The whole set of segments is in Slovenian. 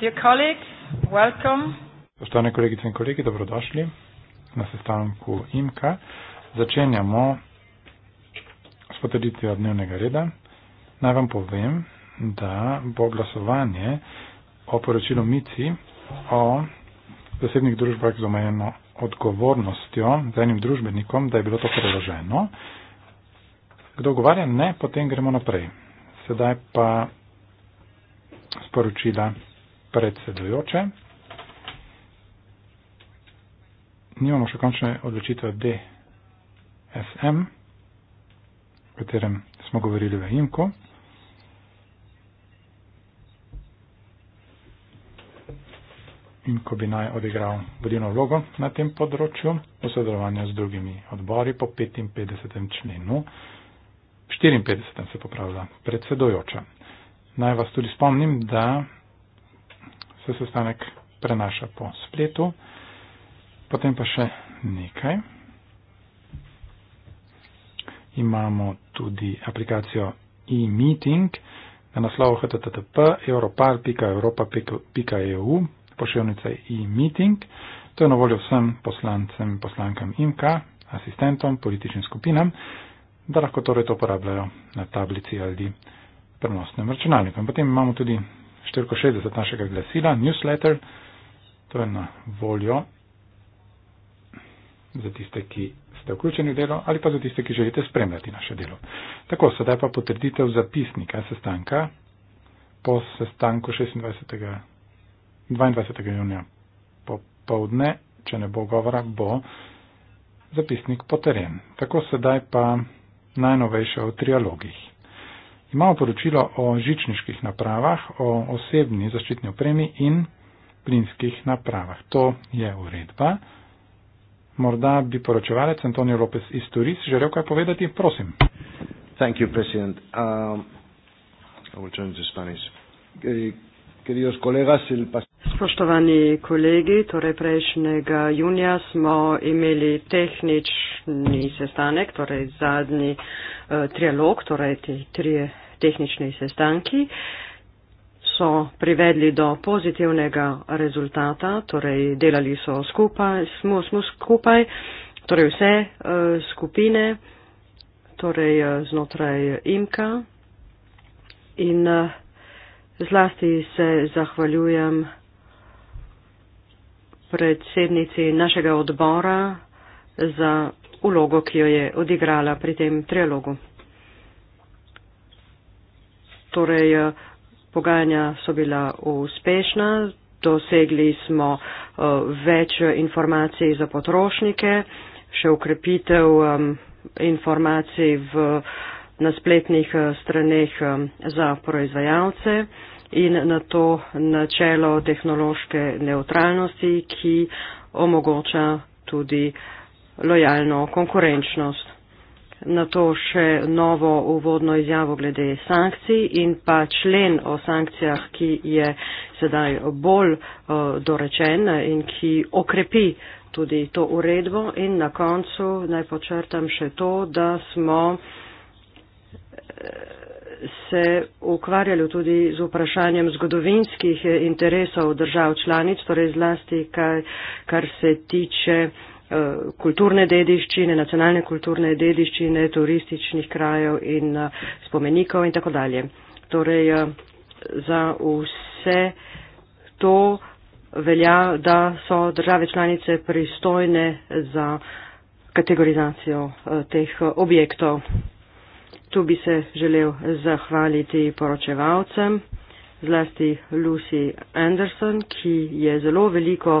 Dear colleagues, welcome. Poštovane kolegice in kolegi, dobrodošli na sestanku IMKA. Začenjamo s potrditvijo dnevnega reda. Naj vam povem, da bo glasovanje o poročilu MICI o zasebnih družbah z omejeno odgovornostjo z enim družbenikom, da je bilo to preloženo. Kdo govarja ne, potem gremo naprej. Sedaj pa sporočila predsedujoče. Nimamo še končne odločitve DSM, o katerem smo govorili v Imko. In ko bi naj odigral vodilno vlogo na tem področju, v sodelovanju z drugimi odbori po 55. členu, 54. se popravlja predsedojoča. Naj vas tudi spomnim, da se sestanek prenaša po spletu. Potem pa še nekaj. Imamo tudi aplikacijo e-meeting na naslovu http://europar.europa.eu, pošiljnica e-meeting. To je na voljo vsem poslancem, poslankam IMK, asistentom, političnim skupinam, da lahko torej to uporabljajo na tablici ali prenosnem računalniku. In potem imamo tudi 460 našega glasila, newsletter, to je na voljo za tiste, ki ste vključeni v delo ali pa za tiste, ki želite spremljati naše delo. Tako, sedaj pa potrditev zapisnika sestanka po sestanku 26. 22. junija popovdne, če ne bo govora, bo zapisnik poterjen. Tako sedaj pa najnovejše o trialogih. Imamo poročilo o žičniških napravah, o osebni zaščitni opremi in plinskih napravah. To je uredba. Morda bi poročevalec Antonijo Lopes iz Turis želel kaj povedati. Prosim. Hvala, predsednik. Um, queridos colegas, el Spoštovani kolegi, torej prejšnjega junija smo imeli tehnični sestanek, torej zadnji eh, trialog, torej ti trije tehnični sestanki so privedli do pozitivnega rezultata, torej delali so skupaj, smo, smo skupaj, torej vse eh, skupine, torej eh, znotraj imka in eh, Zlasti se zahvaljujem predsednici našega odbora za ulogo, ki jo je odigrala pri tem trialogu. Torej, pogajanja so bila uspešna, dosegli smo eh, več informacij za potrošnike, še ukrepitev informacij v na spletnih eh, straneh eh, za proizvajalce in na to načelo tehnološke neutralnosti, ki omogoča tudi lojalno konkurenčnost. Na to še novo uvodno izjavo glede sankcij in pa člen o sankcijah, ki je sedaj bolj eh, dorečen in ki okrepi tudi to uredbo. In na koncu naj počrtam še to, da smo se ukvarjali tudi z vprašanjem zgodovinskih interesov držav članic, torej zlasti, kar, kar se tiče eh, kulturne dediščine, nacionalne kulturne dediščine, turističnih krajev in eh, spomenikov in tako dalje. Torej, eh, za vse to velja, da so države članice pristojne za kategorizacijo teh objektov. Tu bi se želel zahvaliti poročevalcem, zlasti Lucy Anderson, ki je zelo veliko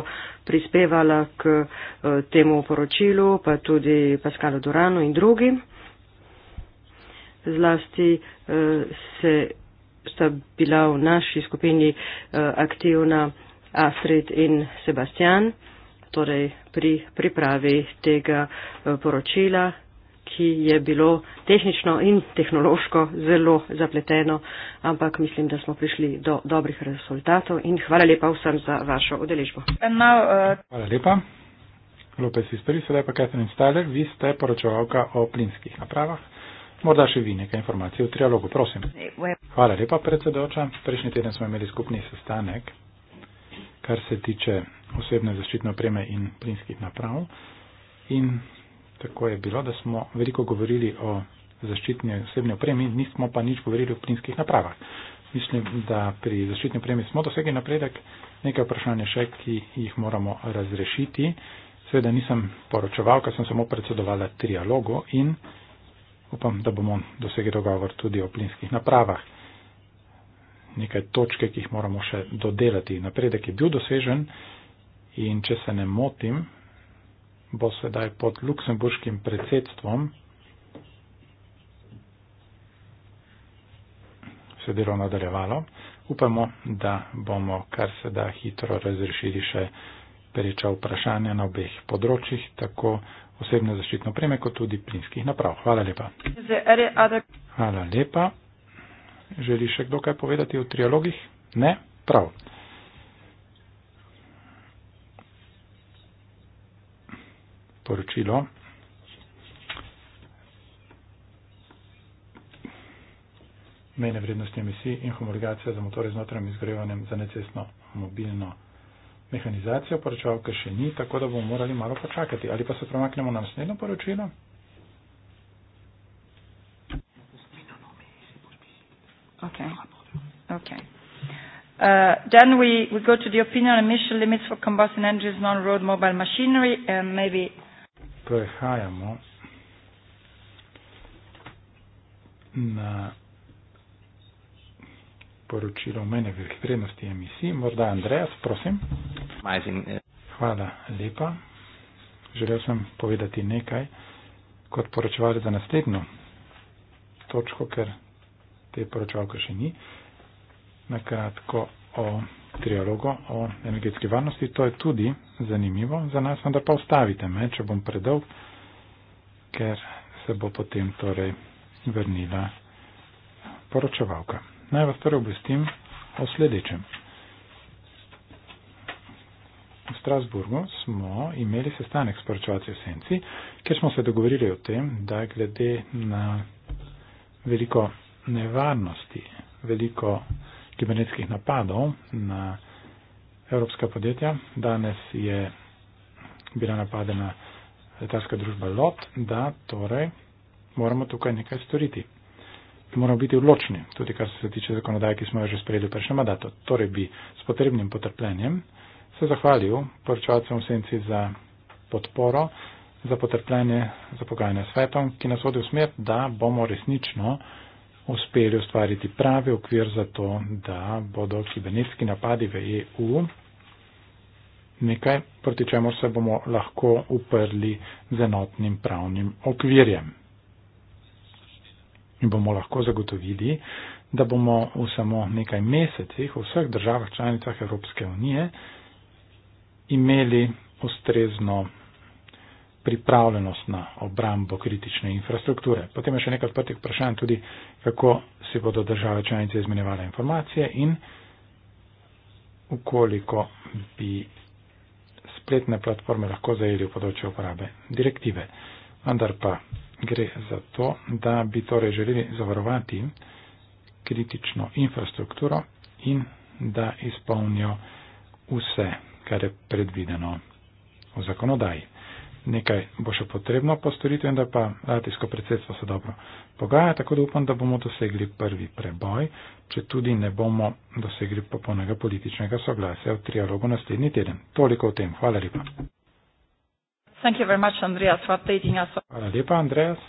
prispevala k eh, temu poročilu, pa tudi Pascalu Duranu in drugim. Zlasti eh, se sta bila v naši skupini eh, aktivna Astrid in Sebastian, torej pri pripravi tega poročila ki je bilo tehnično in tehnološko zelo zapleteno, ampak mislim, da smo prišli do dobrih rezultatov in hvala lepa vsem za vašo udeležbo. Uh, hvala lepa. Lopes Istori, sedaj pa Katrin Staler, vi ste poročevalka o plinskih napravah. Morda še vi nekaj informacij v trialogu, prosim. Hvala lepa, predsedoča. Prejšnji teden smo imeli skupni sestanek, kar se tiče osebne zaščitne opreme in plinskih naprav. In tako je bilo, da smo veliko govorili o zaščitni osebni opremi, nismo pa nič govorili o plinskih napravah. Mislim, da pri zaščitni opremi smo dosegli napredek, nekaj vprašanje še, ki jih moramo razrešiti. Sveda nisem poročeval, ker sem samo predsedovala trialogu in upam, da bomo dosegli dogovor tudi o plinskih napravah. Nekaj točke, ki jih moramo še dodelati. Napredek je bil dosežen in če se ne motim, bo sedaj pod luksemburškim predsedstvom se delo nadaljevalo. Upamo, da bomo kar se da hitro razrešili še pereča vprašanja na obeh področjih, tako osebne zaščitno preme, kot tudi plinskih naprav. Hvala lepa. Hvala lepa. Želi še kdo kaj povedati o trialogih? Ne? Prav. sporočilo. Mene vrednosti emisij in homologacija za motore z notranjim izgrevanjem za necestno mobilno mehanizacijo. Poročavka še ni, tako da bomo morali malo počakati. Ali pa se premaknemo na naslednjo poročilo? Okay. Okay. Uh, then we, we go to the opinion emission limits for combustion engines, non-road mobile machinery, and maybe prehajamo na poročilo mene vrednosti emisij. Morda Andreas, prosim. Eh. Hvala lepa. Želel sem povedati nekaj kot poročevalce za naslednjo točko, ker te poročevalke še ni. Nakratko o trialogu o energetski varnosti. To je tudi zanimivo za nas, vendar pa ustavite me, če bom predolg, ker se bo potem torej vrnila poročevalka. Naj vas torej obvestim o sledečem. V Strasburgu smo imeli sestanek s poročevalci v Senci, kjer smo se dogovorili o tem, da glede na veliko nevarnosti, veliko kibernetskih napadov na evropska podjetja. Danes je bila napadena letalska družba LOT, da torej moramo tukaj nekaj storiti. Moramo biti odločni, tudi kar se tiče zakonodaje, ki smo jo že sprejeli v prejšnjem mandatu. Torej bi s potrebnim potrpljenjem se zahvalil poročevalcem v senci za podporo, za potrpljenje, za pogajanje s svetom, ki nas vodi v smer, da bomo resnično uspeli ustvariti pravi okvir za to, da bodo kibernetski napadi v EU nekaj, proti čemu se bomo lahko uprli z enotnim pravnim okvirjem. In bomo lahko zagotovili, da bomo v samo nekaj mesecih v vseh državah članicah Evropske unije imeli ustrezno pripravljenost na obrambo kritične infrastrukture. Potem je še nekaj odprtih vprašanj tudi, kako se bodo države članice izmenjevale informacije in ukoliko bi spletne platforme lahko zajeli v področje uporabe direktive. Vendar pa gre za to, da bi torej želeli zavarovati kritično infrastrukturo in da izpolnijo vse, kar je predvideno v zakonodaji nekaj bo še potrebno postoriti, vendar pa latijsko predsedstvo se dobro pogaja, tako da upam, da bomo dosegli prvi preboj, če tudi ne bomo dosegli popolnega političnega soglasja v trialogu naslednji teden. Toliko o tem. Hvala lepa. Much, Andreas, Hvala lepa, Andreas,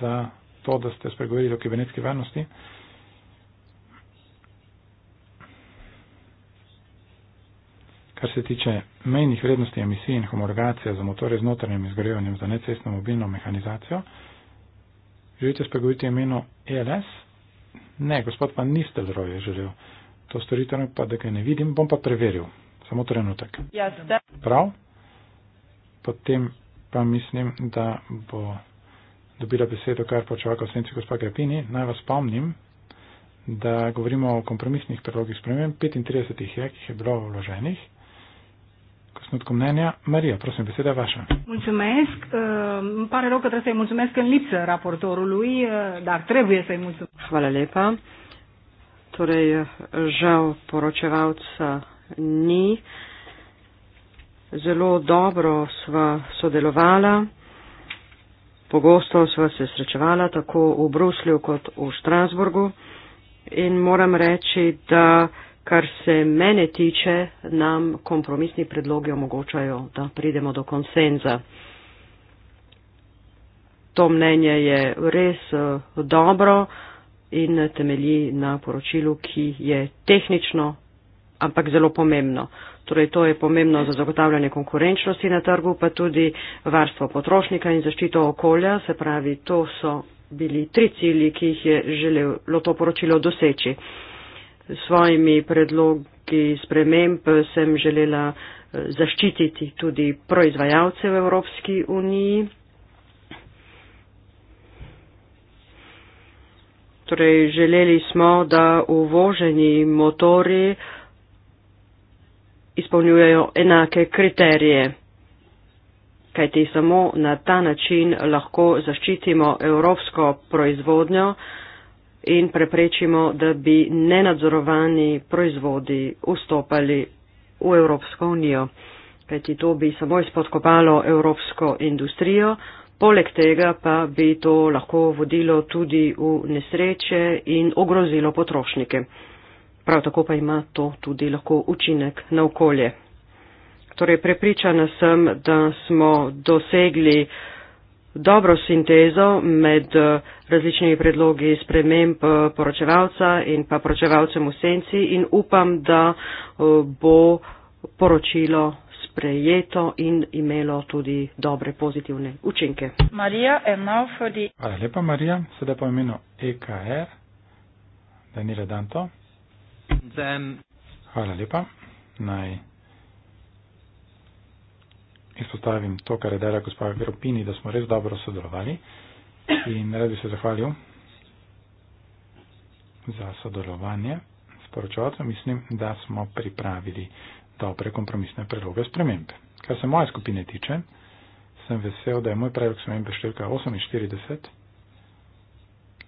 za to, da ste spregovorili o kibernetski varnosti. Kar se tiče mejnih vrednosti emisij in homologacije za motore z notranjim izgorevanjem za necestno mobilno mehanizacijo, želite spregovoriti imeno ELS? Ne, gospod pa niste zdravje želel. To storite, torej pa da ga ne vidim, bom pa preveril. Samo trenutek. Ja, ste. Prav? Potem pa mislim, da bo dobila besedo, kar počaka v senci gospod Grepini. Naj vas spomnim, da govorimo o kompromisnih predlogih sprememb, 35 jih je, ki jih je bilo vloženih trenutku mnenia. Maria, prosim, beseda vașa. Mulțumesc. Ehm, îmi pare rău că trebuie să-i mulțumesc în lipsă raportorului, ehm, dar trebuie să-i mulțumesc. Hvala lepa. Torej, žal poročevalca ni. Zelo dobro sva sodelovala. Pogosto sva se srečevala tako v Bruslju kot v Štrasburgu. In moram reči, da Kar se mene tiče, nam kompromisni predlogi omogočajo, da pridemo do konsenza. To mnenje je res eh, dobro in temelji na poročilu, ki je tehnično, ampak zelo pomembno. Torej, to je pomembno za zagotavljanje konkurenčnosti na trgu, pa tudi varstvo potrošnika in zaščito okolja. Se pravi, to so bili tri cilji, ki jih je želelo to poročilo doseči svojimi predlogi sprememb sem želela eh, zaščititi tudi proizvajalce v Evropski uniji. Torej, želeli smo, da uvoženi motori izpolnjujejo enake kriterije, kajti samo na ta način lahko zaščitimo evropsko proizvodnjo in preprečimo, da bi nenadzorovani proizvodi vstopali v Evropsko unijo, kajti to bi samo izpodkopalo evropsko industrijo, poleg tega pa bi to lahko vodilo tudi v nesreče in ogrozilo potrošnike. Prav tako pa ima to tudi lahko učinek na okolje. Torej, prepričana sem, da smo dosegli uh, dobro sintezo med eh, različnimi predlogi sprememb eh, poročevalca in pa poročevalcem v senci in upam, da eh, bo poročilo sprejeto in imelo tudi dobre pozitivne učinke. Marija, the... Hvala lepa, Marija. Sedaj po imenu EKR. Danila Danto. Then... Hvala lepa. Naj izpostavim to, kar je dejala gospa Veropini, da smo res dobro sodelovali in rad bi se zahvalil za sodelovanje s poročevalcem. Mislim, da smo pripravili dobre kompromisne predloge spremembe. Kar se moje skupine tiče, sem vesel, da je moj predlog spremembe številka 48,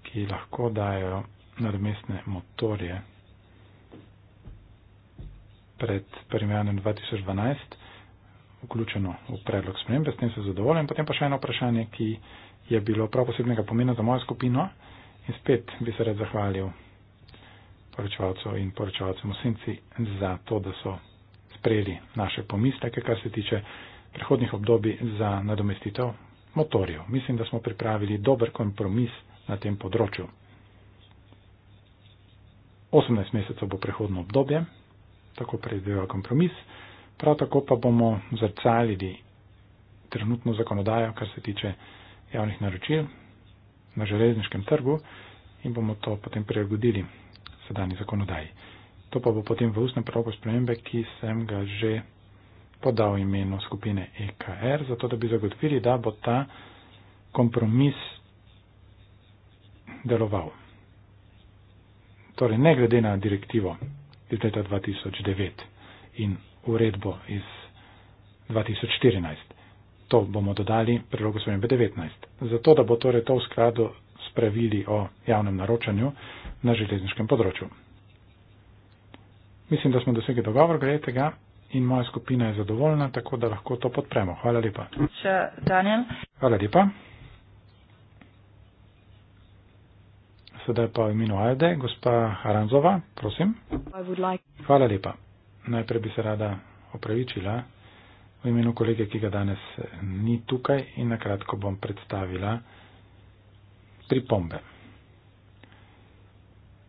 ki lahko dajo nadomestne motorje pred primjanjem 2012 vključeno v predlog spremembe, s tem se zadovoljim. Potem pa še eno vprašanje, ki je bilo prav posebnega pomena za mojo skupino in spet bi se rad zahvalil poročevalcev in poročevalcem v Senci za to, da so sprejeli naše pomisleke, kar se tiče prehodnih obdobij za nadomestitev motorjev. Mislim, da smo pripravili dober kompromis na tem področju. 18 mesecev bo prehodno obdobje, tako predvideva kompromis. Prav tako pa bomo zrcalili trenutno zakonodajo, kar se tiče javnih naročil na železniškem trgu in bomo to potem prilagodili sedajni zakonodaji. To pa bo potem v ustnem progu spremembe, ki sem ga že podal imenu skupine EKR, zato da bi zagotovili, da bo ta kompromis deloval. Torej, ne glede na direktivo iz leta 2009 in uredbo iz 2014. To bomo dodali prilogo spremembe 19. Zato, da bo torej to v skladu s pravili o javnem naročanju na železniškem področju. Mislim, da smo dosegli dogovor glede tega in moja skupina je zadovoljna, tako da lahko to podpremo. Hvala lepa. Še Daniel. Hvala lepa. Sedaj pa v imenu Ajde, gospa Haranzova, prosim. Like... Hvala lepa najprej bi se rada opravičila v imenu kolege, ki ga danes eh, ni tukaj in na kratko bom predstavila pripombe.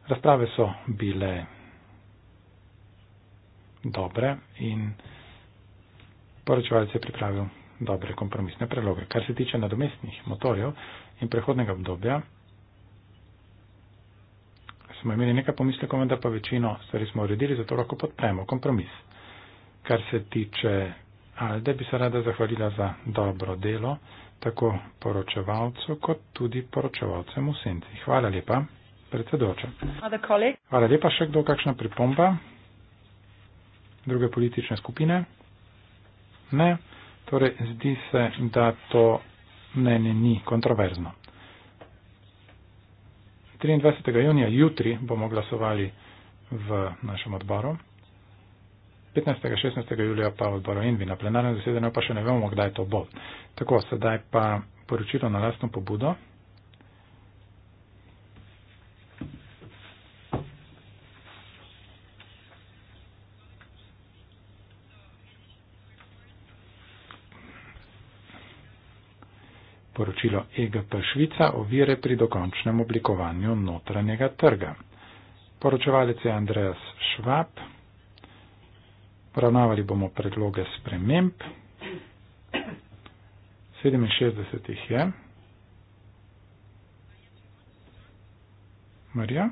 Razprave so bile dobre in poročevalce je pripravil dobre kompromisne preloge. Kar se tiče nadomestnih motorjev in prehodnega obdobja, smo imeli nekaj pomislekov, vendar pa večino stvari smo uredili, zato lahko podpremo kompromis. Kar se tiče Alde, bi se rada zahvalila za dobro delo, tako poročevalcu, kot tudi poročevalcem v senci. Hvala lepa, predsedoča. Hvala lepa, še kdo kakšna pripomba? Druge politične skupine? Ne, torej zdi se, da to mnenje ni kontroverzno. 23. junija jutri bomo glasovali v našem odboru. 15. 16. julija pa v odboru Invi na plenarnem zasedanju pa še ne vemo, kdaj to bo. Tako, sedaj pa poročilo na lastno pobudo. Poročilo EGP Švica ovire pri dokončnem oblikovanju notranjega trga. Poročevalec je Andreas Švab. Poravnavali bomo predloge sprememb. 67 jih je. Marija?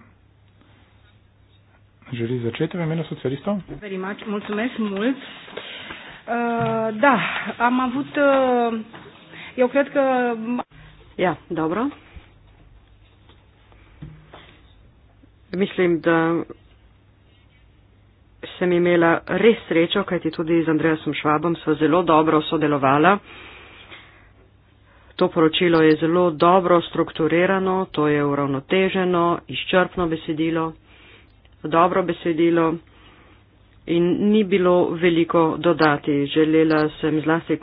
Želi začeti v imenu socialistov? Very much, multumes, mult. Uh, da, ama vut uh, Eu cred că... Ia, dobro. Mislim, da sem imela res srečo, kajti tudi z Andrejasom Švabom sva zelo dobro sodelovala. To poročilo je zelo dobro strukturirano, to je uravnoteženo, izčrpno besedilo, dobro besedilo in ni bilo veliko dodati. Želela sem zlasti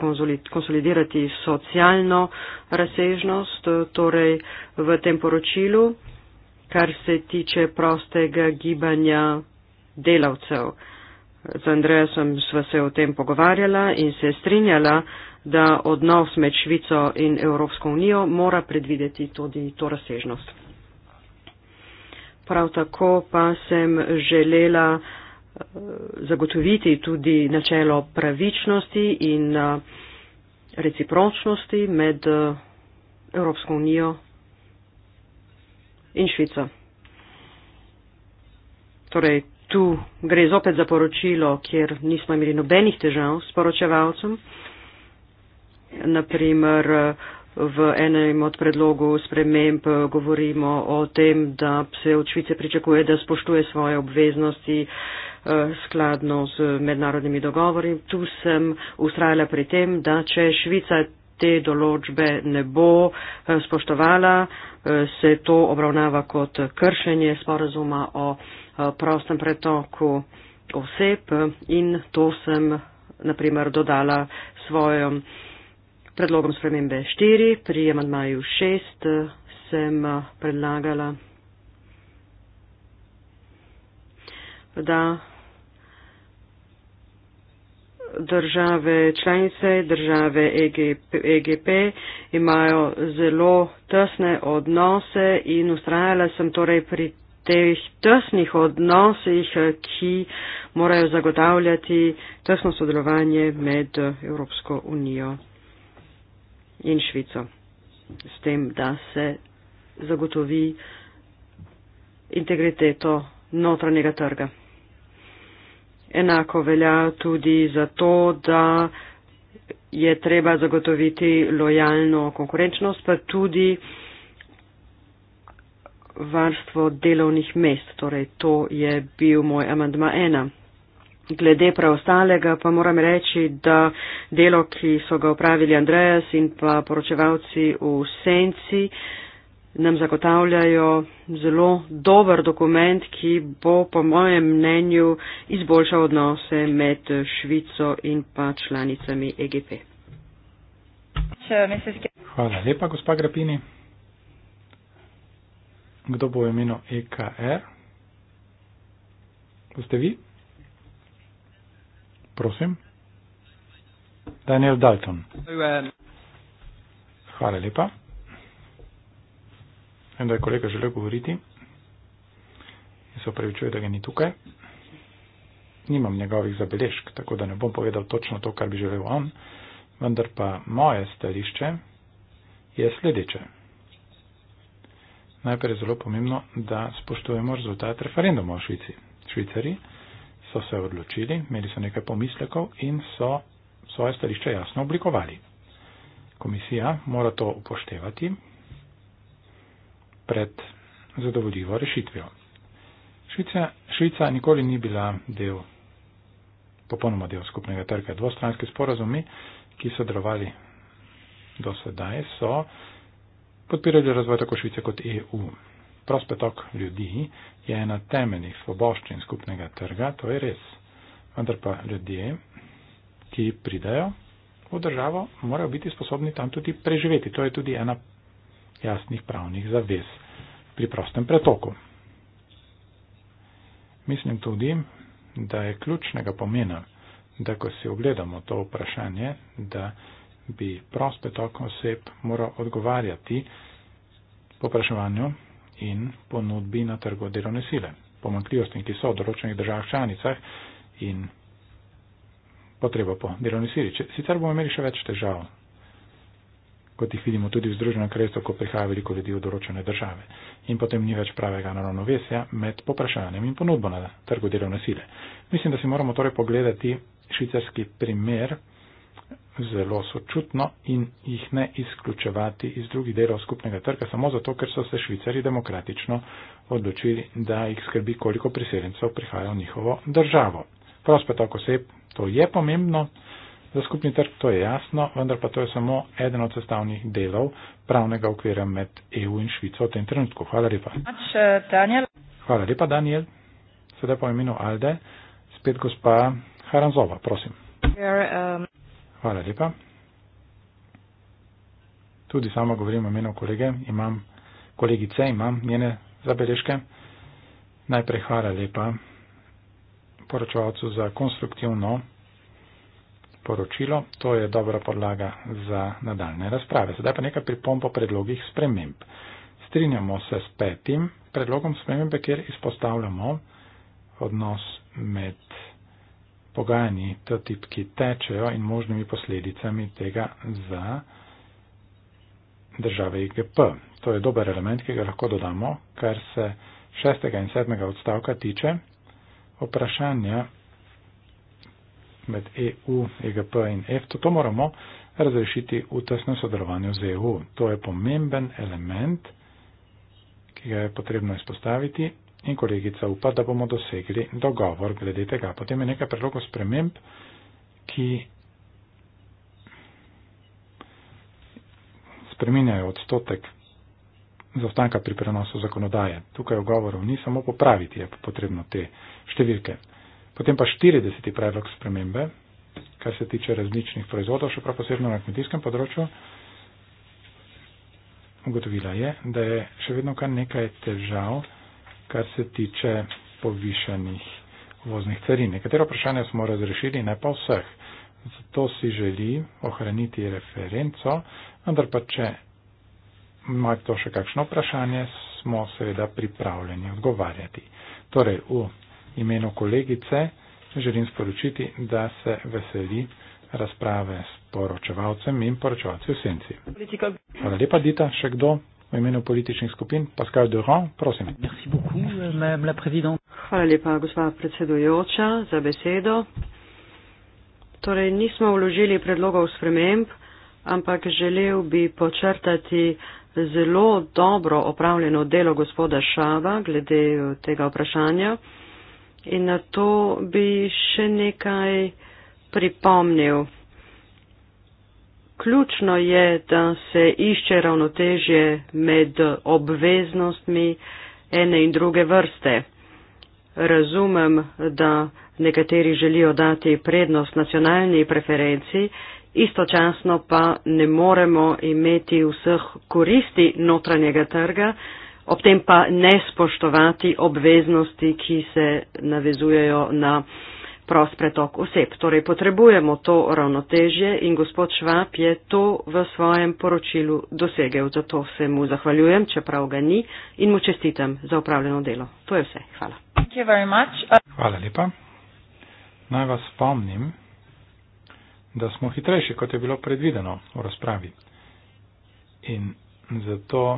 konsolidirati socialno razsežnost, torej v tem poročilu, kar se tiče prostega gibanja delavcev. Z Andrejem sva se o tem pogovarjala in se strinjala, da odnos med Švico in Evropsko unijo mora predvideti tudi to razsežnost. Prav tako pa sem želela, zagotoviti tudi načelo pravičnosti in eh, recipročnosti med eh, Evropsko unijo in Švico. Torej, tu gre zopet za poročilo, kjer nismo imeli nobenih težav s poročevalcem. Naprimer, eh, v enem od predlogov sprememb govorimo o tem, da se od Švice pričakuje, da spoštuje svoje obveznosti, Eh, skladno z mednarodnimi dogovori. Tu sem ustrajala pri tem, da če Švica te določbe ne bo eh, spoštovala, eh, se to obravnava kot kršenje sporazuma o prostem pretoku oseb in to sem naprimer dodala svojom predlogom spremembe 4. Pri amandmaju 6 sem predlagala, da države članice, države EGP, EGP imajo zelo tesne odnose in ustrajala sem torej pri teh tesnih odnosih, ki morajo zagotavljati tesno sodelovanje med Evropsko unijo in Švico, s tem, da se zagotovi integriteto notranjega trga. Enako velja tudi za to, da je treba zagotoviti lojalno konkurenčnost, pa tudi varstvo delovnih mest. Torej, to je bil moj amandma ena. Glede preostalega pa moram reči, da delo, ki so ga upravili Andrejas in pa poročevalci v Senci, nam zagotavljajo zelo dober dokument, ki bo po mojem mnenju izboljšal odnose med Švico in pa članicami EGP. Hvala lepa, gospa Grapini. Kdo bo imenil EKR? Boste vi? Prosim. Daniel Dalton. Hvala lepa. Vem, da je kolega želel govoriti. In se opravičuje, da ga ni tukaj. Nimam njegovih zabeležk, tako da ne bom povedal točno to, kar bi želel on. Vendar pa moje stališče je sledeče. Najprej je zelo pomembno, da spoštujemo rezultat referenduma v Švici. Švicari so se odločili, imeli so nekaj pomislekov in so svoje stališče jasno oblikovali. Komisija mora to upoštevati, pred zadovoljivo rešitvijo. Švica, Švica nikoli ni bila del, popolnoma del skupnega trga. Dvostranski sporazumi, ki so delovali do sedaj, so podpirali razvoj tako Švice kot EU. Prospetok ljudi je ena temeljnih svoboščin skupnega trga, to je res. Vendar pa ljudje, ki pridejo v državo, morajo biti sposobni tam tudi preživeti. To je tudi ena jasnih pravnih zavez pri prostem pretoku. Mislim tudi, da je ključnega pomena, da ko si ogledamo to vprašanje, da bi prost pretok oseb moral odgovarjati popraševanju in ponudbi na trgu delovne sile, pomankljivosti, ki so v določenih državah članicah in potrebo po delovni sili. Sicer bomo imeli še več težav kot jih vidimo tudi v Združenem kraljestvu, ko prihaja veliko ljudi v določene države. In potem ni več pravega ravnovesja med poprašanjem in ponudbo na trgu delovne sile. Mislim, da si moramo torej pogledati švicarski primer zelo sočutno in jih ne izključevati iz drugih delov skupnega trga, samo zato, ker so se švicari demokratično odločili, da jih skrbi, koliko priseljencev prihaja v njihovo državo. Prospet okoseb, to je pomembno. Za skupni trg to je jasno, vendar pa to je samo eden od sestavnih delov pravnega okvira med EU in Švico v tem trenutku. Hvala lepa. Eh, Daniel. Hvala lepa, Daniel. Sedaj po imenu Alde, spet gospa Haranzova, prosim. Um, hvala lepa. Tudi sama govorim o imenu kolege, imam kolegice, imam njene zabeležke. Najprej hvala lepa poročevalcu za konstruktivno poročilo, to je dobra podlaga za nadaljne razprave. Sedaj pa nekaj pripomp o predlogih sprememb. Strinjamo se s petim predlogom spremembe, kjer izpostavljamo odnos med pogajanji TTIP, ki tečejo in možnimi posledicami tega za države IGP. To je dober element, ki ga lahko dodamo, kar se šestega in sedmega odstavka tiče vprašanja med EU, EGP in EFTO, to moramo razrešiti v tesnem sodelovanju z EU. To je pomemben element, ki ga je potrebno izpostaviti in kolegica upa, da bomo dosegli dogovor glede tega. Potem je nekaj predlogov sprememb, ki spreminjajo odstotek zaostanka pri prenosu zakonodaje. Tukaj v govoru ni samo popraviti, je potrebno te številke. Potem pa 40. predlog spremembe, kar se tiče različnih proizvodov, še prav posebno na kmetijskem področju, ugotovila je, da je še vedno kar nekaj težav, kar se tiče povišanih voznih carin. Nekatero vprašanje smo razrešili, ne pa vseh. Zato si želi ohraniti referenco, vendar pa če ima to še kakšno vprašanje, smo seveda pripravljeni odgovarjati. Torej, v imenu kolegice želim sporočiti, da se veseli razprave s poročevalcem in poročevalci v senci. Hvala lepa, Dita. Še kdo v imenu političnih skupin? Pascal Durand, prosim. Euh, Hvala lepa, gospa predsedujoča, za besedo. Torej, nismo vložili predlogov sprememb, ampak želel bi počrtati zelo dobro opravljeno delo gospoda Šava glede eh, tega vprašanja. In na to bi še nekaj pripomnil. Ključno je, da se išče ravnotežje med obveznostmi ene in druge vrste. Razumem, da nekateri želijo dati prednost nacionalni preferenci, istočasno pa ne moremo imeti vseh koristi notranjega trga, ob tem pa ne spoštovati obveznosti, ki se navezujejo na prost pretok oseb. Torej potrebujemo to ravnotežje in gospod Švab je to v svojem poročilu dosegel. Zato se mu zahvaljujem, čeprav ga ni in mu čestitam za upravljeno delo. To je vse. Hvala. Hvala lepa. Naj vas spomnim, da smo hitrejši, kot je bilo predvideno v razpravi. In zato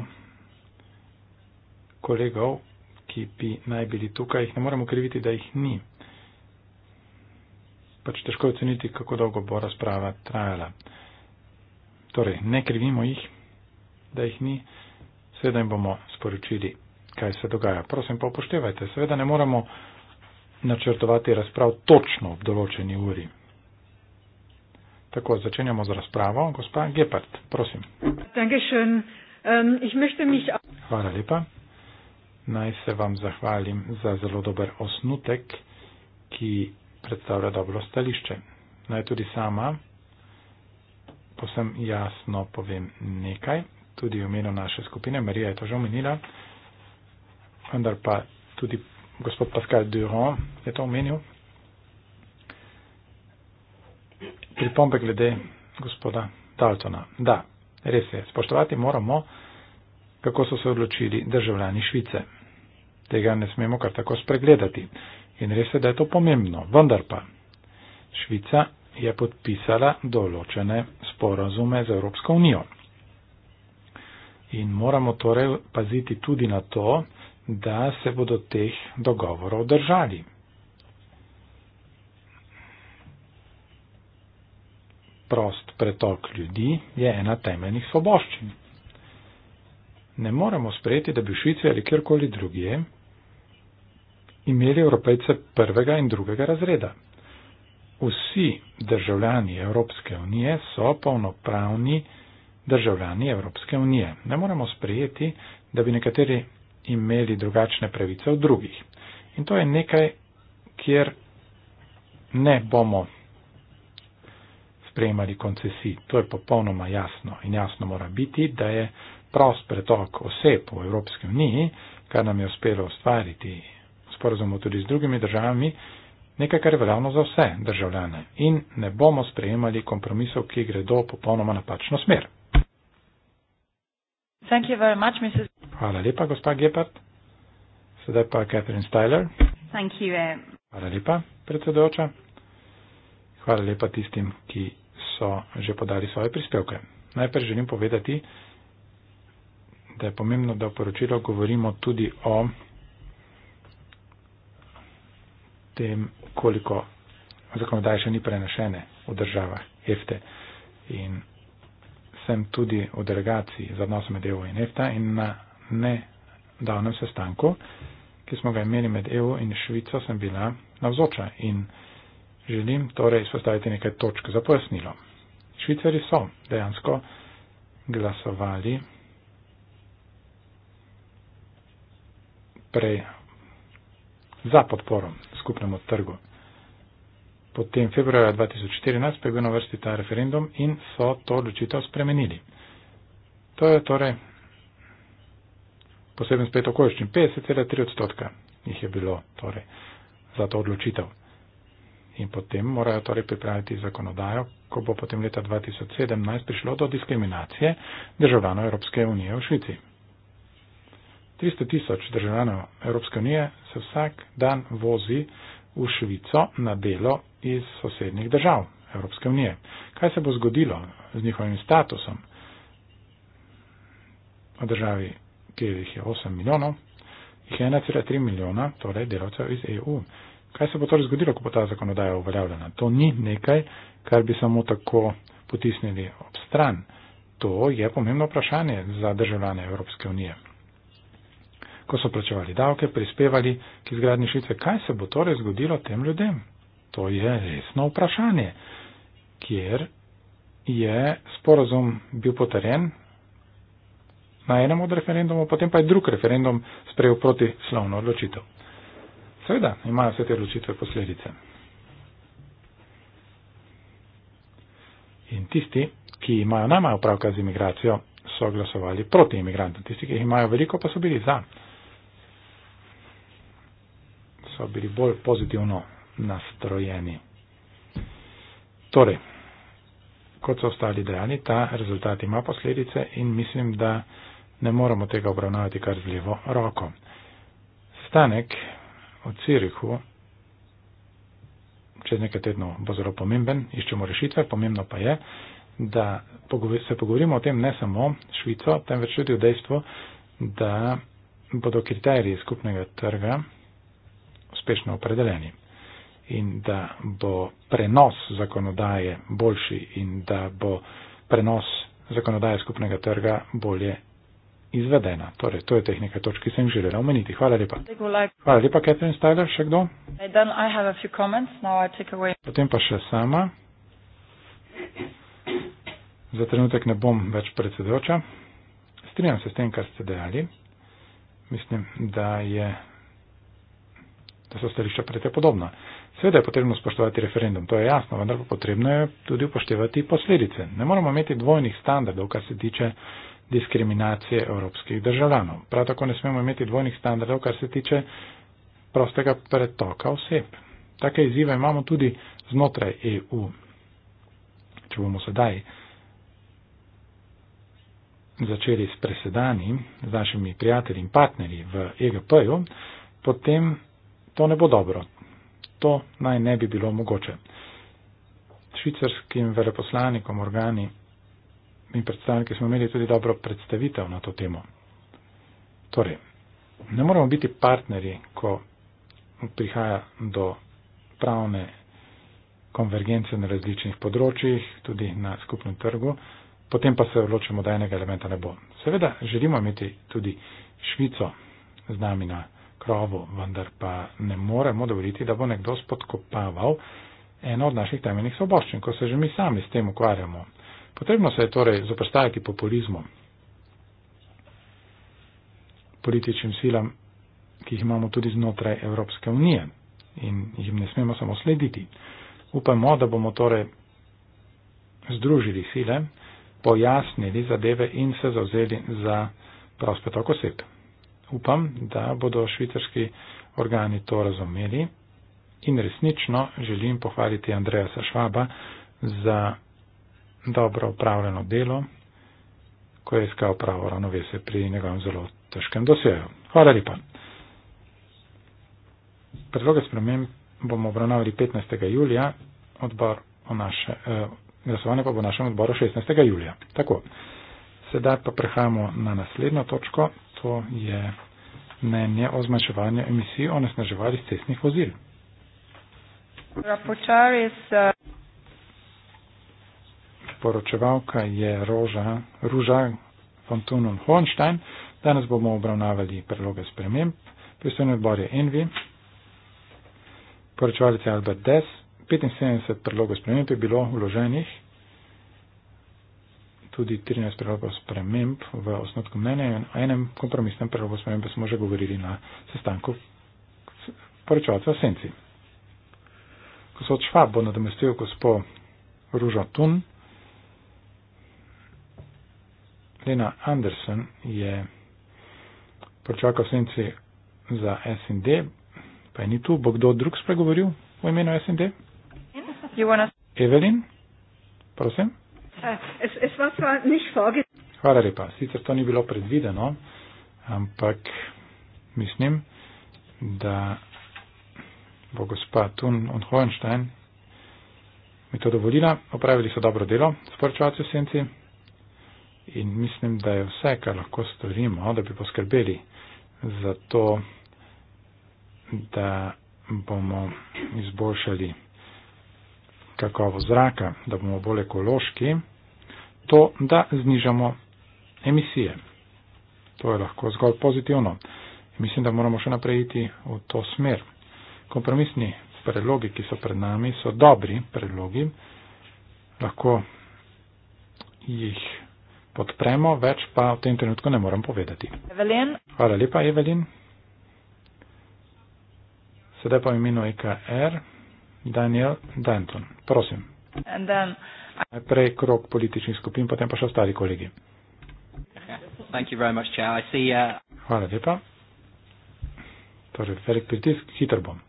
kolegov, ki bi naj bili tukaj, jih ne moremo kriviti, da jih ni. Pač težko je oceniti, kako dolgo bo razprava trajala. Torej, ne krivimo jih, da jih ni, seveda jim bomo sporočili, kaj se dogaja. Prosim pa upoštevajte, seveda ne moremo načrtovati razprav točno ob določeni uri. Tako, začenjamo z razpravo. Gospa Gepard, prosim. Ähm, Hvala lepa naj se vam zahvalim za zelo dober osnutek, ki predstavlja dobro stališče. Naj tudi sama posem jasno povem nekaj, tudi v imenu naše skupine, Marija je to že omenila, vendar pa tudi gospod Pascal Duron je to omenil. Pripombe glede gospoda Daltona. Da, res je, spoštovati moramo, kako so se odločili državljani Švice tega ne smemo kar tako spregledati. In res je, da je to pomembno. Vendar pa Švica je podpisala določene sporazume z Evropsko unijo. In moramo torej paziti tudi na to, da se bodo teh dogovorov držali. Prost pretok ljudi je ena temeljnih svoboščin. Ne moremo sprejeti, da bi v Švici ali kjerkoli drugje imeli evropejce prvega in drugega razreda. Vsi državljani Evropske unije so polnopravni državljani Evropske unije. Ne moremo sprejeti, da bi nekateri imeli drugačne pravice od drugih. In to je nekaj, kjer ne bomo sprejemali koncesij. To je popolnoma jasno in jasno mora biti, da je prost pretok oseb v Evropski uniji, kar nam je uspelo ustvariti sporozumov tudi z drugimi državami, nekaj, kar je veljavno za vse državljane in ne bomo sprejemali kompromisov, ki gredo popolnoma napačno smer. Much, Mrs... Hvala lepa, gospa Gepard. Sedaj pa Catherine Styler. You, eh... Hvala lepa, predsedujoča. Hvala lepa tistim, ki so že podali svoje prispevke. Najprej želim povedati, da je pomembno, da v poročilo govorimo tudi o tem, koliko zakonodaje še ni prenešene v država EFTE. In sem tudi v delegaciji za odnos med EU in EFTA in na nedavnem sestanku, ki smo ga imeli med EU in Švico, sem bila navzoča in želim torej izpostaviti nekaj točk za pojasnilo. Švicari so dejansko glasovali prej za podporo skupnemu trgu. Potem februarja 2014 pa je bil na vrsti ta referendum in so to odločitev spremenili. To je torej posebno spet okoliščin. 50,3 odstotka jih je bilo torej, za to odločitev. In potem morajo torej pripraviti zakonodajo, ko bo potem leta 2017 prišlo do diskriminacije državljanov Evropske unije v Švici. 300 tisoč državljanov Evropske unije se vsak dan vozi v Švico na delo iz sosednjih držav Evropske unije. Kaj se bo zgodilo z njihovim statusom v državi, kjer jih je 8 milijonov, jih je 1,3 milijona, torej delavcev iz EU. Kaj se bo torej zgodilo, ko bo ta zakonodaja uveljavljena? To ni nekaj, kar bi samo tako potisnili ob stran. To je pomembno vprašanje za državljane Evropske unije ko so plačevali davke, prispevali k izgradni Švice. Kaj se bo torej zgodilo tem ljudem? To je resno vprašanje, kjer je sporozum bil potrjen na enem od referendumov, potem pa je drug referendum sprejel proti slovno odločitev. Seveda imajo vse te odločitve posledice. In tisti, ki imajo najmanj opravka z imigracijo, so glasovali proti imigrantom. Tisti, ki jih imajo veliko, pa so bili za pa bili bolj pozitivno nastrojeni. Torej, kot so ostali dejani, ta rezultat ima posledice in mislim, da ne moramo tega obravnavati kar z levo roko. Stanek v Cirihu čez nekaj tednov bo zelo pomemben, iščemo rešitve, pomembno pa je, da se pogovorimo o tem ne samo Švico, temveč tudi o dejstvu, da bodo kriteriji skupnega trga uspešno opredeljeni in da bo prenos zakonodaje boljši in da bo prenos zakonodaje skupnega trga bolje izvedena. Torej, to je tehnika toč, ki sem želela omeniti. Hvala lepa. Hvala lepa, Catherine Steiler, še kdo? Potem pa še sama. Za trenutek ne bom več predsedoča. Strinjam se s tem, kar ste dejali. Mislim, da je da so stališča precej podobna. Sveda je potrebno spoštovati referendum, to je jasno, vendar pa potrebno je tudi upoštevati posledice. Ne moramo imeti dvojnih standardov, kar se tiče diskriminacije evropskih državljanov. Prav tako ne smemo imeti dvojnih standardov, kar se tiče prostega pretoka oseb. Take izzive imamo tudi znotraj EU. Če bomo sedaj začeli s presedanjem z našimi prijatelji in partnerji v EGP-ju, potem To ne bo dobro. To naj ne bi bilo mogoče. Švicarskim veleposlanikom organi in predstavniki smo imeli tudi dobro predstavitev na to temo. Torej, ne moramo biti partnerji, ko prihaja do pravne konvergence na različnih področjih, tudi na skupnem trgu, potem pa se odločimo, da enega elementa ne bo. Seveda želimo imeti tudi Švico z nami na področju krovu, vendar pa ne moremo dovoliti, da bo nekdo spodkopaval eno od naših temeljnih soboščin, ko se že mi sami s tem ukvarjamo. Potrebno se je torej zoprstaviti populizmu, političnim silam, ki jih imamo tudi znotraj Evropske unije in jim ne smemo samo slediti. Upamo, da bomo torej združili sile, pojasnili zadeve in se zauzeli za prospet okoseb upam, da bodo švicarski organi to razumeli in resnično želim pohvaliti Andreja Švaba za dobro upravljeno delo, ko je iskal pravo ravnovesje pri njegovem zelo težkem dosegu. Hvala lepa. Predloge sprememb bomo obravnavali 15. julija, odbor o naše, eh, glasovanje pa bo v našem odboru 16. julija. Tako. Sedaj pa prehajamo na naslednjo točko to je mnenje o zmanjševanju emisij onesnaževalih cestnih vozil. Poročevalka je Roža, Ruža von Tunun Hornstein. Danes bomo obravnavali predloge sprememb. Pristojni odbor je Envi. Poročevalec je Albert Des. 75 predlogov sprememb je bilo vloženih tudi 13 predlogov sprememb v osnotku mnenja in o enem kompromisnem predlogu spremembe smo že govorili na sestanku poročevalcev v Senci. Gospod Švab bo nadomestil gospo Ružo Tun. Lena Andersen je poročevalka v Senci za SND, pa je ni tu, bo kdo drug spregovoril v imenu SND? Evelin, prosim. Eh, es, es war zwar nicht Hvala lepa. Sicer to ni bilo predvideno, ampak mislim, da bo gospa Tun und Hohenstein mi to dovolila. Opravili so dobro delo s porčovacijo senci in mislim, da je vse, kar lahko storimo, da bi poskrbeli za to, da bomo izboljšali kakovo zraka, da bomo bolj ekološki to, da znižamo emisije. To je lahko zgolj pozitivno. Mislim, da moramo še naprej iti v to smer. Kompromisni predlogi, ki so pred nami, so dobri predlogi. Lahko jih podpremo, več pa v tem trenutku ne moram povedati. Evelin. Hvala lepa, Evelin. Sedaj pa imenujem EKR Daniel Denton. Prosim. And then najprej krok političnih skupin, potem pa še ostali kolegi. Uh, Hvala lepa. Torej, velik pritisk, hiter bom.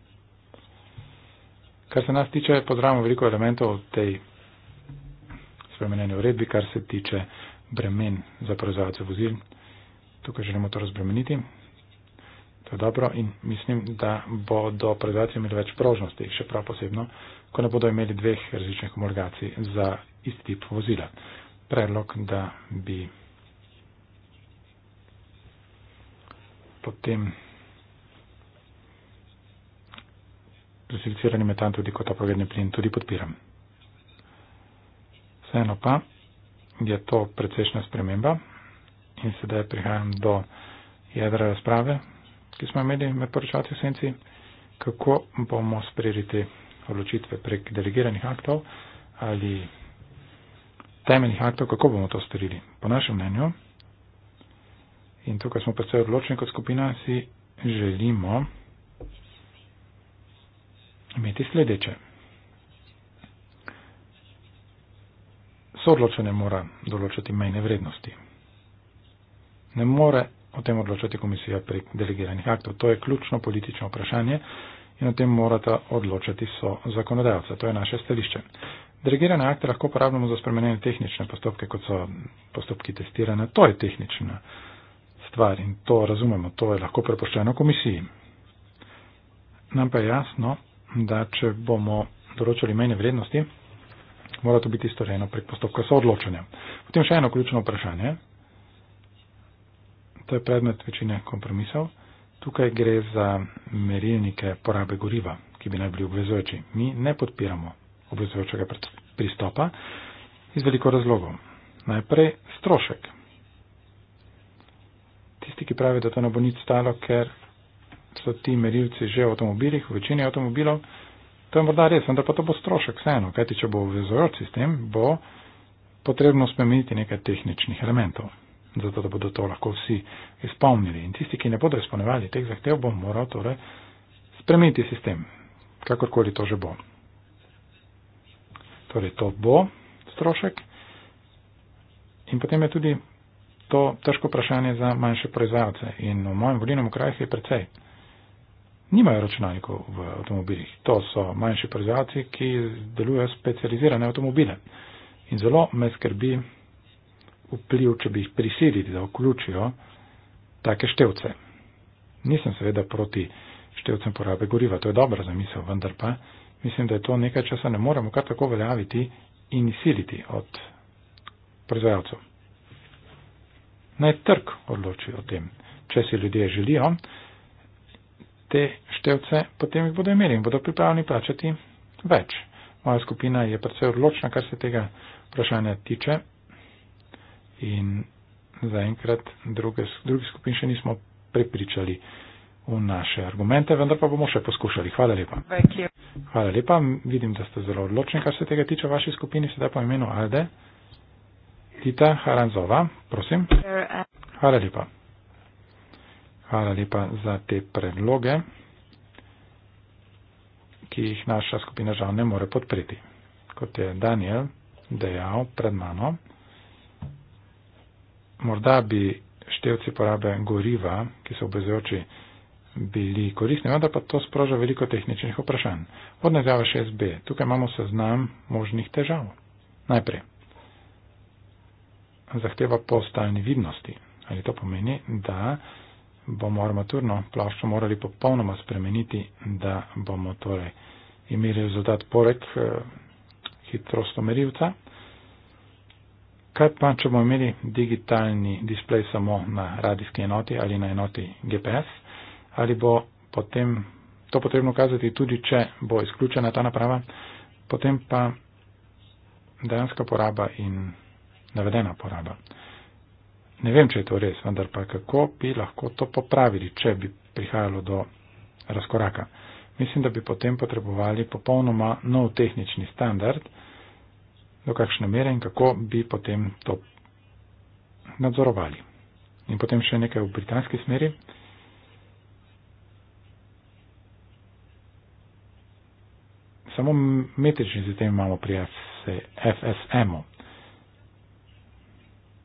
Kar se nas tiče, pozdravimo veliko elementov v tej spremenjeni uredbi, kar se tiče bremen za proizvajalce vozil. Tukaj želimo to razbremeniti. To je dobro in mislim, da bodo proizvajalci imeli več prožnosti, še prav posebno ko ne bodo imeli dveh različnih homologacij za isti tip vozila. Predlog, da bi potem klasificirani metan tudi kot opovedni plin tudi podpiram. Vseeno pa je to precejšna sprememba in sedaj prihajam do jedra razprave, ki smo imeli med poročati v senci, kako bomo sprejeli odločitve prek delegiranih aktov ali temeljnih aktov, kako bomo to storili. Po našem mnenju, in tukaj smo predvsej odločeni kot skupina, si želimo imeti sledeče. Soodločanje mora določati mejne vrednosti. Ne more o tem odločati komisija prek delegiranih aktov. To je ključno politično vprašanje in o tem morata odločati so zakonodajalca. To je naše stališče. Delegirane akte lahko uporabljamo za spremenjene tehnične postopke, kot so postopki testiranja. To je tehnična stvar in to razumemo. To je lahko prepoščeno komisiji. Nam pa je jasno, da če bomo določili mejne vrednosti, mora to biti storjeno prek postopka soodločanja. Potem še eno ključno vprašanje. To je predmet večine kompromisov. Tukaj gre za merilnike porabe goriva, ki bi naj bili obvezujoči. Mi ne podpiramo obvezujočega pristopa iz veliko razlogov. Najprej strošek. Tisti, ki pravijo, da to ne bo nič stalo, ker so ti merilci že v avtomobilih, v večini avtomobilov, to je morda res, vendar pa to bo strošek vseeno, kajti če bo obvezujoč sistem, bo potrebno spremeniti nekaj tehničnih elementov zato da bodo to lahko vsi izpolnili. In tisti, ki ne bodo izpolnevali teh zahtev, bo moral torej spremeniti sistem, kakorkoli to že bo. Torej, to bo strošek in potem je tudi to težko vprašanje za manjše proizvajalce. In v mojem volilnem kraju je precej. Nimajo računalnikov v avtomobilih. To so manjši proizvajalci, ki delujejo specializirane avtomobile. In zelo me skrbi, vpliv, če bi jih prisilili, da vključijo take števce. Nisem seveda proti števcem porabe goriva, to je dobra zamisel, vendar pa mislim, da je to nekaj časa ne moremo kar tako veljaviti in siliti od proizvajalcev. Naj trg odloči o tem, če si ljudje želijo te števce, potem jih bodo imeli in bodo pripravljeni plačati več. Moja skupina je predvsej odločna, kar se tega vprašanja tiče in zaenkrat drugih skupin še nismo prepričali v naše argumente, vendar pa bomo še poskušali. Hvala lepa. Hvala lepa. Vidim, da ste zelo odločni, kar se tega tiče vaši skupini. Sedaj po imenu Alde. Tita Haranzova, prosim. Hvala lepa. Hvala lepa za te predloge, ki jih naša skupina žal ne more podpreti. Kot je Daniel dejal pred mano, morda bi števci porabe goriva, ki so obvezujoči, bili koristni, vendar pa to sproža veliko tehničnih vprašanj. Vodna izjava 6b. Tukaj imamo seznam možnih težav. Najprej. Zahteva po stalni vidnosti. Ali to pomeni, da bomo armaturno ploščo morali popolnoma spremeniti, da bomo torej imeli rezultat poleg eh, hitrostomerivca? Kaj pa, če bomo imeli digitalni displej samo na radijski enoti ali na enoti GPS, ali bo potem to potrebno kazati tudi, če bo izključena ta naprava, potem pa dejanska poraba in navedena poraba. Ne vem, če je to res, vendar pa kako bi lahko to popravili, če bi prihajalo do razkoraka. Mislim, da bi potem potrebovali popolnoma nov tehnični standard do kakšne mere in kako bi potem to nadzorovali. In potem še nekaj v britanski smeri. Samo metrični sistem imamo pri FSM-u.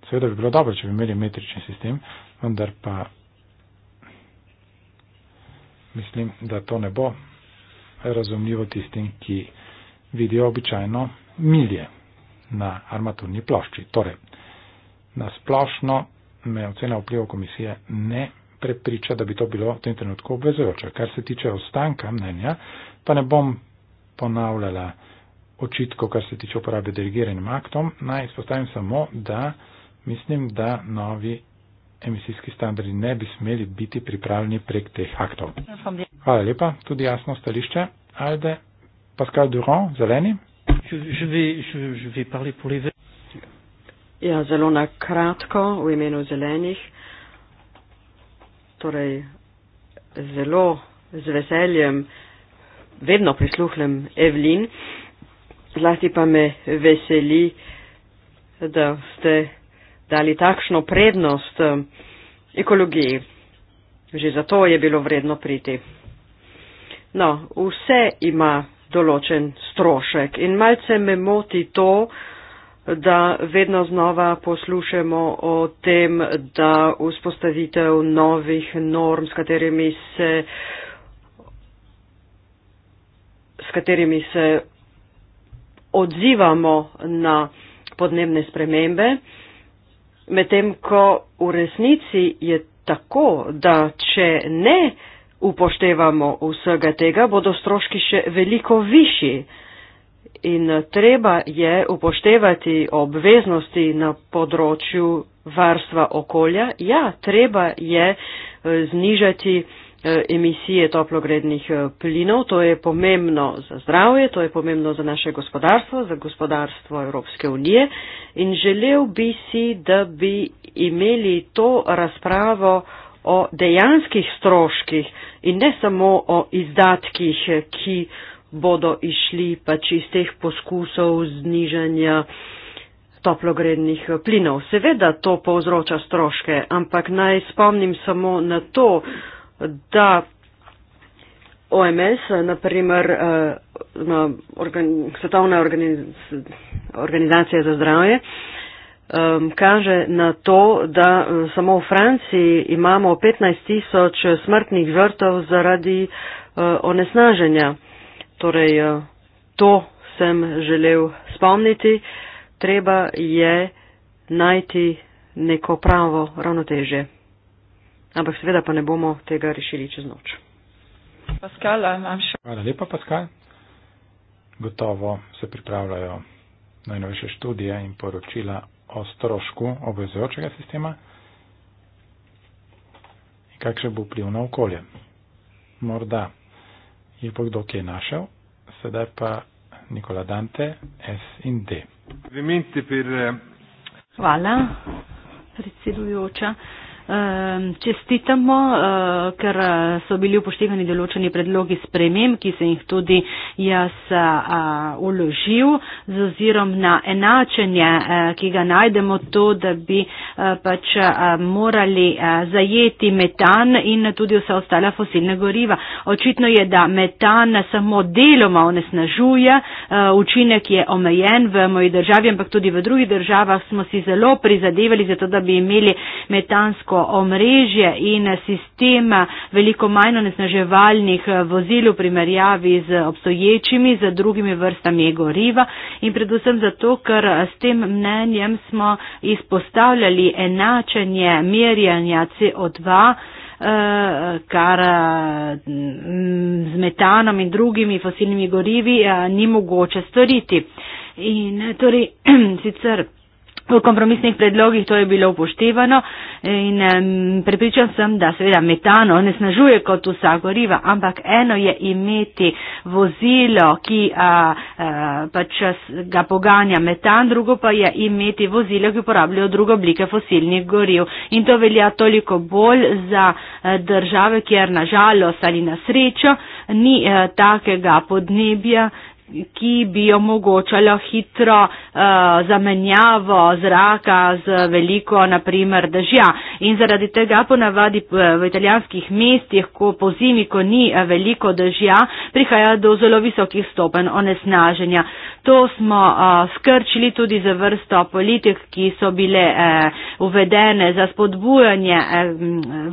Seveda bi bilo dobro, če bi imeli metrični sistem, vendar pa mislim, da to ne bo razumljivo tistim, ki vidijo običajno milje na armaturni plošči. Torej, na splošno me ocena vpliva komisije ne prepriča, da bi to bilo v tem trenutku obvezujoče. Kar se tiče ostanka mnenja, pa ne bom ponavljala očitko, kar se tiče uporabe dirigiranim aktom. Naj izpostavim samo, da mislim, da novi emisijski standardi ne bi smeli biti pripravljeni prek teh aktov. Hvala lepa, tudi jasno stališče. Alde, Pascal Durand, zeleni je vais, je, je vais parler pour les verts. Ja, zelo na kratko v imenu zelenih. Torej, zelo z veseljem vedno prisluhnem Evlin. Zlasti pa me veseli, da ste dali takšno prednost um, ekologiji. Že zato je bilo vredno priti. No, vse ima določen strošek. In malce me moti to, da vedno znova poslušamo o tem, da vzpostavitev novih norm, s katerimi se, s katerimi se odzivamo na podnebne spremembe, medtem ko v resnici je tako, da če ne upoštevamo vsega tega, bodo stroški še veliko višji. In treba je upoštevati obveznosti na področju varstva okolja. Ja, treba je eh, znižati eh, emisije toplogrednih eh, plinov. To je pomembno za zdravje, to je pomembno za naše gospodarstvo, za gospodarstvo Evropske unije. In želel bi si, da bi imeli to razpravo o dejanskih stroških in ne samo o izdatkih, ki bodo išli pač iz teh poskusov znižanja toplogrednih plinov. Seveda to povzroča stroške, ampak naj spomnim samo na to, da OMS, naprimer eh, organ, Svetovna organiz, organizacija za zdravje, um, kaže na to, da um, samo v Franciji imamo 15 tisoč smrtnih žrtev zaradi uh, onesnaženja. Torej, uh, to sem želel spomniti. Treba je najti neko pravo ravnoteže. Ampak seveda pa ne bomo tega rešili čez noč. Paskal, Hvala lepa, Paskal. Gotovo se pripravljajo najnovejše študije in poročila o strošku obvezujočega sistema in kakšen bo vpliv na okolje. Morda je pa kdo kaj našel, sedaj pa Nikola Dante, S in D. Eh, Hvala, predsedujoča. Ehm, čestitamo, eh, ker eh, so bili upoštevani določeni predlogi sprejmem, ki sem jih tudi jaz eh, uložil, z ozirom na enačenje, ki ga najdemo, to, da bi pač morali zajeti metan in tudi vse ostale fosilne goriva. Očitno je, da metan samo deloma onesnažuje, učinek je omejen v moji državi, ampak tudi v drugih državah smo si zelo prizadevali za to, da bi imeli metansko veliko omrežje in sistema, veliko manj onesnaževalnih eh, vozil v primerjavi z obstoječimi, z drugimi vrstami goriva in predvsem zato, ker eh, s tem mnenjem smo izpostavljali enačenje merjanja CO2, eh, kar z metanom in drugimi fosilnimi gorivi ni mogoče storiti. In torej, sicer, V kompromisnih predlogih to je bilo upoštevano in prepričan sem, da seveda metano ne snažuje kot vsa goriva, ampak eno je imeti vozilo, ki a, a, pač ga poganja metan, drugo pa je imeti vozilo, ki uporabljajo druge oblike fosilnih goriv. In to velja toliko bolj za države, kjer na žalost ali na srečo ni a, takega podnebja ki bi omogočala hitro uh, zamenjavo zraka z veliko, naprimer, dežja. In zaradi tega ponavadi eh, v italijanskih mestih, ko po zimi, ko ni eh, veliko dežja, prihaja do zelo visokih stopen onesnaženja to smo uh, skrčili tudi za vrsto politik, ki so bile uh, uvedene za spodbujanje uh,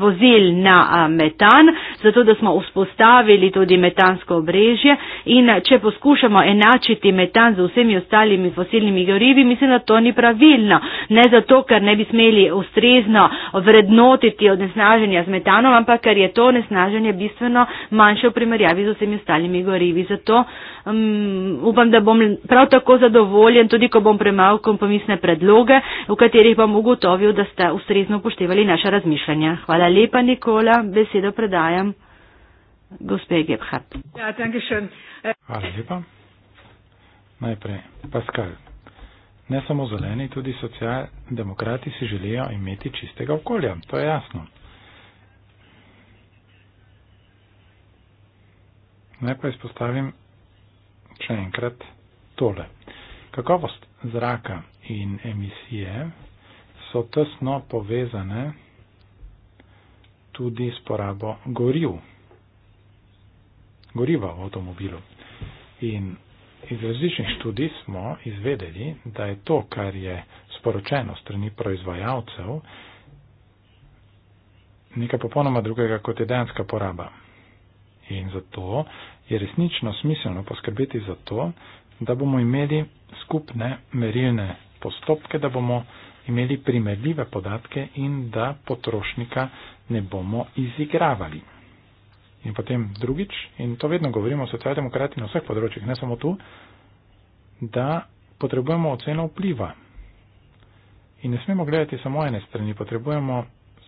vozil na uh, metan, zato da smo vzpostavili tudi metansko obrežje in če poskušamo enačiti metan z vsemi ostalimi fosilnimi gorivi, mislim, da to ni pravilno. Ne zato, ker ne bi smeli ustrezno vrednotiti odnesnaženja z metanom, ampak ker je to odnesnaženje bistveno manjše v primerjavi z vsemi ostalimi gorivi. Zato um, upam, da bom prav tako zadovoljen, tudi ko bom premal kompromisne predloge, v katerih bom ugotovil, da ste ustrezno upoštevali naše razmišljanja. Hvala lepa, Nikola. Besedo predajam gospe Gebhardt. Ja, Hvala lepa. Najprej, Paskal. Ne samo zeleni, tudi socialdemokrati si želijo imeti čistega okolja. To je jasno. Najprej izpostavim še enkrat tole. Kakovost zraka in emisije so tesno povezane tudi s porabo goriv, goriva v avtomobilu. In iz različnih študij smo izvedeli, da je to, kar je sporočeno strani proizvajalcev, nekaj popolnoma drugega kot je denska poraba. In zato je resnično smiselno poskrbeti za to, da bomo imeli skupne merilne postopke, da bomo imeli primerljive podatke in da potrošnika ne bomo izigravali. In potem drugič, in to vedno govorimo socialdemokrati na vseh področjih, ne samo tu, da potrebujemo oceno vpliva. In ne smemo gledati samo ene strani, potrebujemo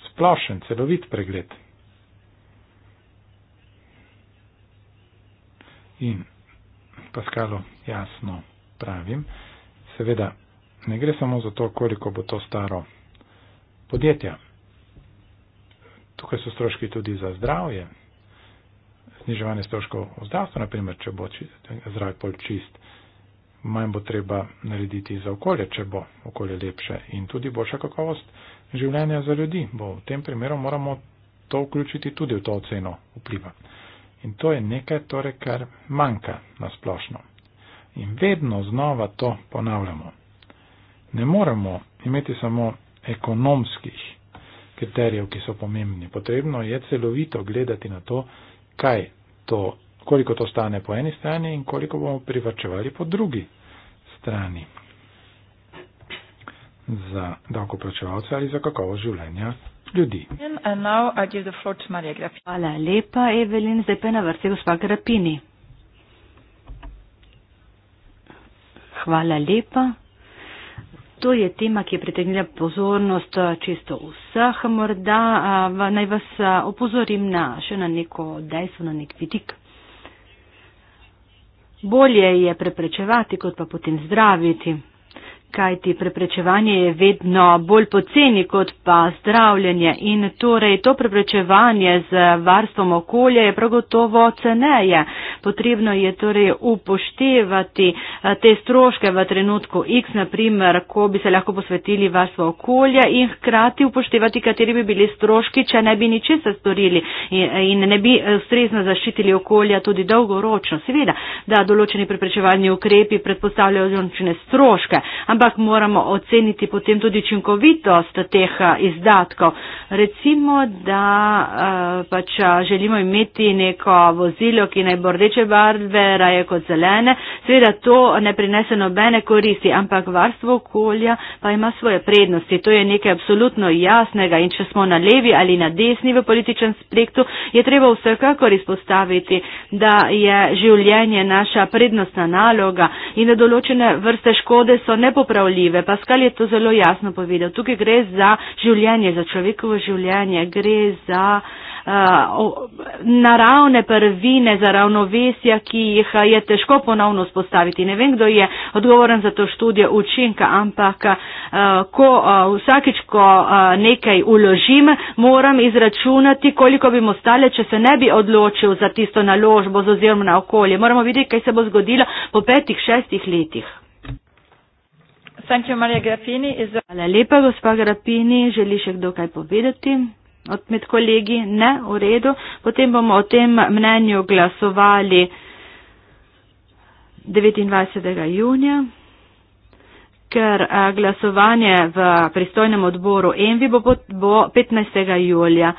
splošen, celovit pregled In Paskalo jasno pravim, seveda ne gre samo za to, koliko bo to staro podjetja. Tukaj so stroški tudi za zdravje, zniževanje stroškov v zdravstvu, naprimer, če bo zrak bolj čist, manj bo treba narediti za okolje, če bo okolje lepše in tudi boljša kakovost življenja za ljudi. Bo v tem primeru moramo to vključiti tudi v to oceno vpliva. In to je nekaj, torej, kar manjka na splošno. In vedno znova to ponavljamo. Ne moremo imeti samo ekonomskih kriterijev, ki so pomembni. Potrebno je celovito gledati na to, kaj to, koliko to stane po eni strani in koliko bomo privrčevali po drugi strani za davkoplačevalce ali za kakovo življenja ljudi. Hvala lepa, Evelin. Zdaj pa je na vrsti gospa Grapini. Hvala lepa. To je tema, ki je pritegnila pozornost eh, čisto vseh. Morda eh, naj vas eh, opozorim na še na neko dejstvo, na nek vidik. Bolje je preprečevati, kot pa potem zdraviti kajti preprečevanje je vedno bolj poceni kot pa zdravljenje in torej to preprečevanje z varstvom okolja je pravgotovo ceneje. Potrebno je torej upoštevati eh, te stroške v trenutku X, naprimer, ko bi se lahko posvetili varstvo okolja in hkrati upoštevati, kateri bi bili stroški, če ne bi ničesar storili in eh, ne bi eh, ustrezno zaščitili okolja tudi dolgoročno. Seveda, da določeni preprečevalni ukrepi predpostavljajo določene stroške ampak moramo oceniti potem tudi učinkovitost teh eh, izdatkov. Recimo, da eh, pač eh, želimo imeti neko vozilo, ki naj bo rdeče barve, raje kot zelene, seveda to ne prinese nobene koristi, ampak varstvo okolja pa ima svoje prednosti. To je nekaj absolutno jasnega in če smo na levi ali na desni v političnem spektru, je treba vsekakor izpostaviti, da je življenje naša prednostna naloga in da določene vrste škode so nepopravljene popravljive. Paskal je to zelo jasno povedal. Tukaj gre za življenje, za človekovo življenje, gre za uh, naravne prvine, za ravnovesja, ki jih je težko ponovno spostaviti. Ne vem, kdo je odgovoren za to študijo učinka, ampak uh, ko uh, vsakič, ko uh, nekaj uložim, moram izračunati, koliko bi mu stale, če se ne bi odločil za tisto naložbo z oziroma na okolje. Moramo videti, kaj se bo zgodilo po petih, šestih letih. Thank you, Maria Grappini. Is... Hvala lepa, gospa Grappini. Želi še kdo kaj povedati? Od med kolegi ne, v redu. Potem bomo o tem mnenju glasovali 29. junija, ker a, eh, glasovanje v pristojnem odboru Envi bo, bo 15. julija.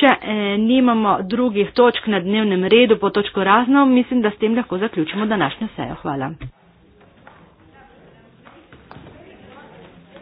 Če e, nimamo drugih točk na dnevnem redu po točko razno, mislim, da s tem lahko zaključimo današnjo sejo. Hvala.